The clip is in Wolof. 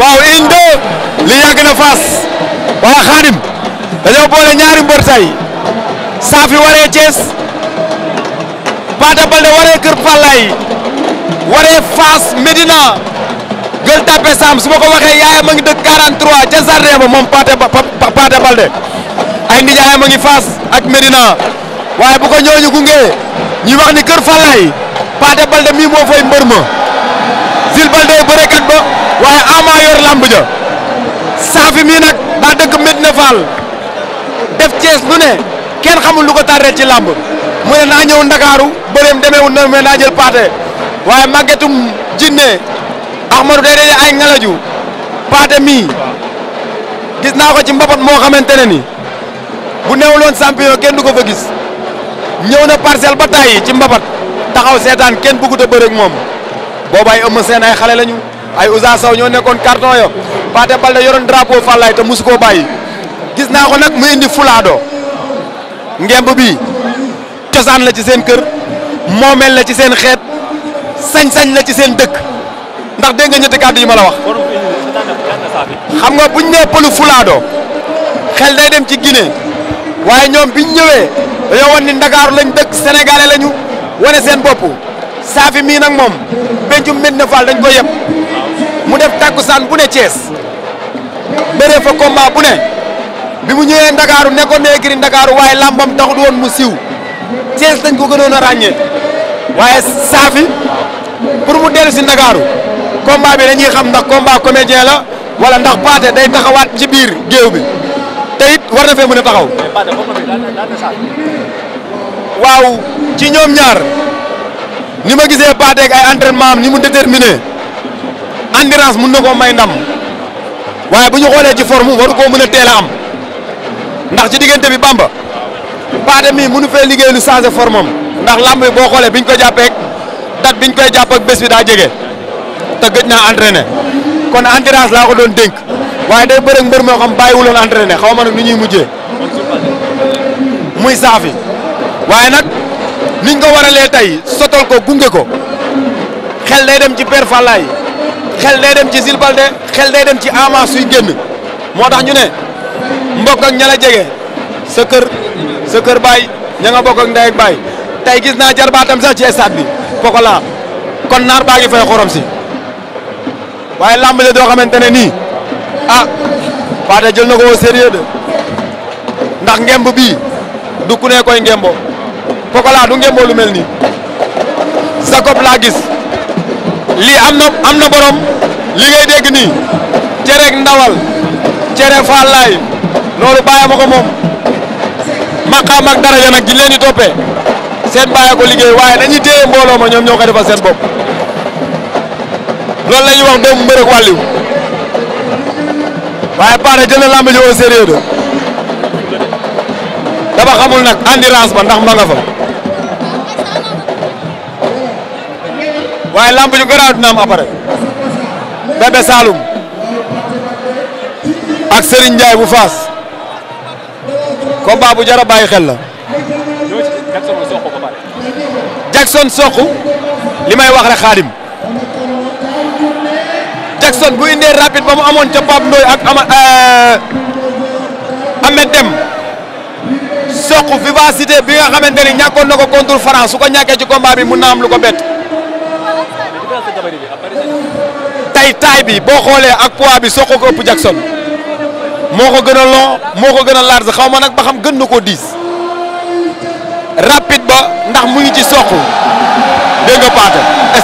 waaw ligne 2 li na Fass waa Xaadim dañoo boole ñaari mbër tey Safi waree Thiès Paata Balde waree Kër Fallaye waree Fass Medina Gueule Tapée Sam su ma ko waxee yaayam a ngi dëkk 43 ca Sardin ba moom Paata Balde ay nijaayam a ngi Fass ak Medina waaye bu ko ñooñu gunge ñuy wax ni Kër Fallaye Paata Balde mii moo mbër ma Zil Balde bërekat ba waaye làmb ja saafi mii nag daa dëkk Medina Fall def Cees lu ne kenn xamul lu ko tàrree ci làmb mu ne naa ñëw Ndakaaru bëreem demeewul na mais naa jël paate waaye màggetum jinne Ahmadou day dee ay ngalaju paate mii gis naa ko ci mbapat moo xamante ne ni bu loon champion kenn du ko fa gis ñëw na parcelle ba tàyyi ci mbapat taxaw seetaan kenn bëggut a bëreeg moom boobaay ëmm seen ay xale lañu. ay Ousa Sow ñoo nekkoon carton yo Pathé Baldé yoroon drapeau Fallaye te mosu koo bàyyi gis naa ko nag mu indi fulaado ngemb bi cosaan la ci seen kër moomeel la ci seen xeet sañ-sañ la ci seen dëkk ndax dégg nga ñetti kàddu yi ma la wax. xam nga buñ nee pëlu fulaado xel day dem ci Guinée waaye ñoom biñ ñëwee dañoo wan ni Ndakaaru lañ dëkk sénégalais lañu wane seen bopp saafi mii nag moom bencum Medina Fall dañ ko yëpp. mu def tàkkusaan bu ne cees bëree fa combat bu bi mu ñëwee Ndakaaru nekkoon na écurie Ndakaaru waaye làmbam taxut woon mu siiw Thiès dañ ko gënoon a ràññee waaye saafi pour mu dellu si Ndakaaru combat bi dañuy xam ndax combat comédien la wala ndax Pathé day taxawaat ci biir géew bi te it war na fee mën a taxaw. waaw ci ñoom ñaar ni ma gisee Pathé ak ay ni mu déterminé. endurance mun na koo may ndam waaye bu ñu xoolee ci forme waru koo mën a teel am ndax ci diggante bi Bamba Pathé mii mënu fee liggéey lu changé forme am ndax lamb bi boo xoolee bi biñ ko jàppee date biñ koy jàpp ak bés bi daa jege te gëj naa entraîné kon endurance laa ko doon dénk waaye day bëre ak moo xam bàyyiwuloon entraîné xaw ma nag nu ñuy mujjee muy saafi waaye nag niñ ko waralee tey sotal ko gunge ko xel day dem ci père Fallaye xel day dem ci Jules de xel day dem ci Ama suy génn moo tax ñu ne mbokk ak ña jege sa kër sa kër baay ña nga bokk ak ndey ak baay tey gis naa jarbaatam sax ci stade bi Pokola kon naar baa fay xorom si waaye lamb la doo xamante ne nii a ah, Pathé jël na ko au de ndax ngemb bii du ku ne koy ngemboo Pokola du ngemboo lu nii sa kopp laa gis. lii am na am na borom li ngay dégg nii cere ndawal cere fallaay loolu bàyyi ma ko moom maqaam ak daraja nag gi leen di toppee seen bàyyi ko liggéey waaye dañuy téye mbooloo ma ñoom ñoo ko defal seen bopp loolu la ñuy wax doomu mbër ak waaye Pathé jël na ji au sérieux de dama xamul nag endurance ba ndax ma nga fa. waaye lamb ju garaaw dina am après Bébé Saloum ak Serigne Ndiaye bu Faas combat bu jar bàyyi xel la. Jackson soq li may wax rek xaadim Jackson bu indee rapide ba mu amoon ca Pape Ndoye ak ama euh, Ahmed Dem soq vivacité bi nga xamante ni ñàkkoon na ko contre France su ko ñàkkee ci combat bi mun na am lu ko bett. tey taay bi boo xoolee ak poids bi soo ko ëpp Jackson moo ko gën a long moo ko gën a large xaw ma nag ba xam gën na koo diis rapide ba ndax mu ngi ci soq dégg nga paate